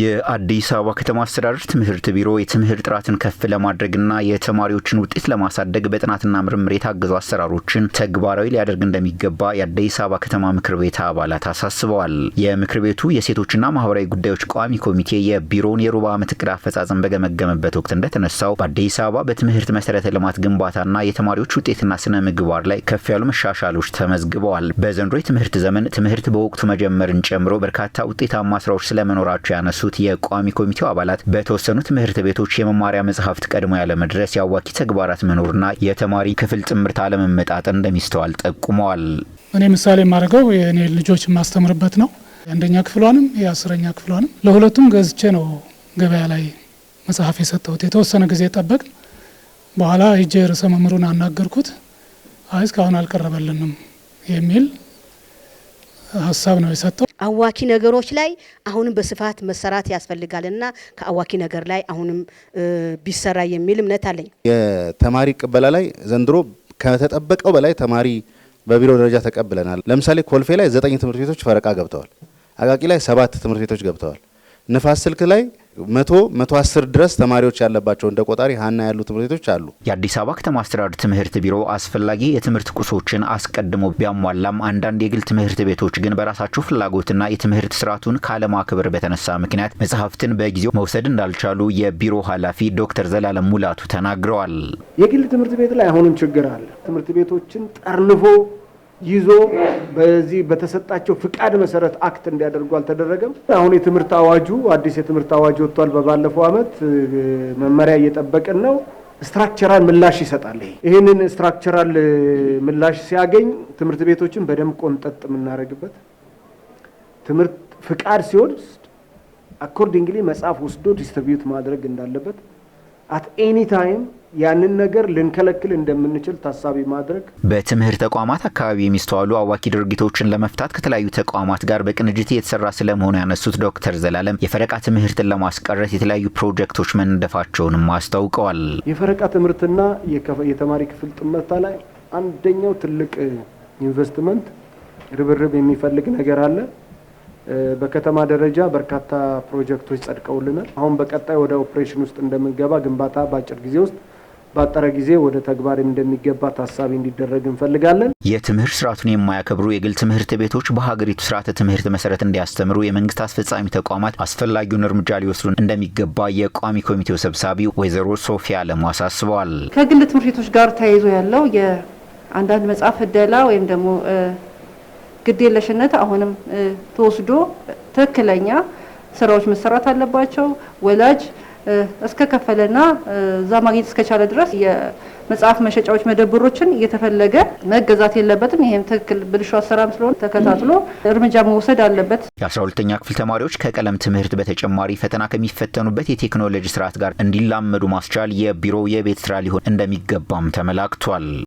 የአዲስ አበባ ከተማ አስተዳደር ትምህርት ቢሮ የትምህርት ጥራትን ከፍ ለማድረግና የተማሪዎችን ውጤት ለማሳደግ በጥናትና ምርምር የታገዙ አሰራሮችን ተግባራዊ ሊያደርግ እንደሚገባ የአዲስ አበባ ከተማ ምክር ቤት አባላት አሳስበዋል። የምክር ቤቱ የሴቶችና ማህበራዊ ጉዳዮች ቋሚ ኮሚቴ የቢሮውን የሩብ ዓመት እቅድ አፈጻጸም በገመገመበት ወቅት እንደተነሳው በአዲስ አበባ በትምህርት መሰረተ ልማት ግንባታና የተማሪዎች ውጤትና ስነ ምግባር ላይ ከፍ ያሉ መሻሻሎች ተመዝግበዋል። በዘንድሮ የትምህርት ዘመን ትምህርት በወቅቱ መጀመርን ጨምሮ በርካታ ውጤታማ ስራዎች ስለመኖራቸው ያነሱ ያነሱት የቋሚ ኮሚቴው አባላት በተወሰኑ ትምህርት ቤቶች የመማሪያ መጽሐፍት ቀድሞ ያለመድረስ፣ የአዋኪ ተግባራት መኖርና የተማሪ ክፍል ጥምርት አለመመጣጠን እንደሚስተዋል ጠቁመዋል። እኔ ምሳሌ የማደርገው የእኔ ልጆች የማስተምርበት ነው። የአንደኛ ክፍሏንም የአስረኛ ክፍሏንም ለሁለቱም ገዝቼ ነው ገበያ ላይ መጽሐፍ የሰጠሁት። የተወሰነ ጊዜ ጠበቅ በኋላ ሂጄ ርዕሰ መምህሩን አናገርኩት። አይ እስካሁን አልቀረበልንም የሚል ሀሳብ ነው የሰጠው። አዋኪ ነገሮች ላይ አሁንም በስፋት መሰራት ያስፈልጋል እና ከአዋኪ ነገር ላይ አሁንም ቢሰራ የሚል እምነት አለኝ። የተማሪ ቅበላ ላይ ዘንድሮ ከተጠበቀው በላይ ተማሪ በቢሮ ደረጃ ተቀብለናል። ለምሳሌ ኮልፌ ላይ ዘጠኝ ትምህርት ቤቶች ፈረቃ ገብተዋል። አቃቂ ላይ ሰባት ትምህርት ቤቶች ገብተዋል። ንፋስ ስልክ ላይ መቶ መቶ አስር ድረስ ተማሪዎች ያለባቸው እንደ ቆጣሪ ሀና ያሉ ትምህርት ቤቶች አሉ። የአዲስ አበባ ከተማ አስተዳደር ትምህርት ቢሮ አስፈላጊ የትምህርት ቁሶችን አስቀድሞ ቢያሟላም አንዳንድ የግል ትምህርት ቤቶች ግን በራሳቸው ፍላጎትና የትምህርት ስርዓቱን ካለማክበር በተነሳ ምክንያት መጽሐፍትን በጊዜው መውሰድ እንዳልቻሉ የቢሮ ኃላፊ ዶክተር ዘላለም ሙላቱ ተናግረዋል። የግል ትምህርት ቤት ላይ አሁንም ችግር አለ። ትምህርት ቤቶችን ጠርንፎ ይዞ በዚህ በተሰጣቸው ፍቃድ መሰረት አክት እንዲያደርጉ አልተደረገም። አሁን የትምህርት አዋጁ አዲስ የትምህርት አዋጅ ወጥቷል። በባለፈው ዓመት መመሪያ እየጠበቅን ነው። ስትራክቸራል ምላሽ ይሰጣል። ይህንን ስትራክቸራል ምላሽ ሲያገኝ ትምህርት ቤቶችን በደንብ ቆንጠጥ የምናደርግበት ትምህርት ፍቃድ ሲወስድ አኮርዲንግሊ መጽሐፍ ወስዶ ዲስትሪቢዩት ማድረግ እንዳለበት አት ኤኒ ታይም ያንን ነገር ልንከለክል እንደምንችል ታሳቢ ማድረግ በትምህርት ተቋማት አካባቢ የሚስተዋሉ አዋኪ ድርጊቶችን ለመፍታት ከተለያዩ ተቋማት ጋር በቅንጅት እየተሰራ ስለመሆኑ ያነሱት ዶክተር ዘላለም የፈረቃ ትምህርትን ለማስቀረት የተለያዩ ፕሮጀክቶች መነደፋቸውንም አስታውቀዋል። የፈረቃ ትምህርትና የተማሪ ክፍል ጥመታ ላይ አንደኛው ትልቅ ኢንቨስትመንት eh, ርብርብ የሚፈልግ ነገር አለ። በከተማ ደረጃ በርካታ ፕሮጀክቶች ጸድቀውልናል። አሁን በቀጣይ ወደ ኦፕሬሽን ውስጥ እንደምንገባ ግንባታ በአጭር ጊዜ ውስጥ ባጠረ ጊዜ ወደ ተግባርም እንደሚገባ ታሳቢ እንዲደረግ እንፈልጋለን። የትምህርት ስርዓቱን የማያከብሩ የግል ትምህርት ቤቶች በሀገሪቱ ስርዓተ ትምህርት መሰረት እንዲያስተምሩ የመንግስት አስፈጻሚ ተቋማት አስፈላጊውን እርምጃ ሊወስዱ እንደሚገባ የቋሚ ኮሚቴው ሰብሳቢ ወይዘሮ ሶፊያ አለሙ አሳስበዋል። ከግል ትምህርት ቤቶች ጋር ተያይዞ ያለው የአንዳንድ መጽሐፍ እደላ ወይም ደግሞ ግዴለሽነት አሁንም ተወስዶ ትክክለኛ ስራዎች መሰራት አለባቸው። ወላጅ እስከ ከፈለና እዛ ማግኘት እስከቻለ ድረስ የመጽሐፍ መሸጫዎች መደብሮችን እየተፈለገ መገዛት የለበትም። ይህም ትክክል ብልሹ አሰራም ስለሆነ ተከታትሎ እርምጃ መውሰድ አለበት። የአስራ ሁለተኛ ክፍል ተማሪዎች ከቀለም ትምህርት በተጨማሪ ፈተና ከሚፈተኑበት የቴክኖሎጂ ስርዓት ጋር እንዲላመዱ ማስቻል የቢሮው የቤት ስራ ሊሆን እንደሚገባም ተመላክቷል።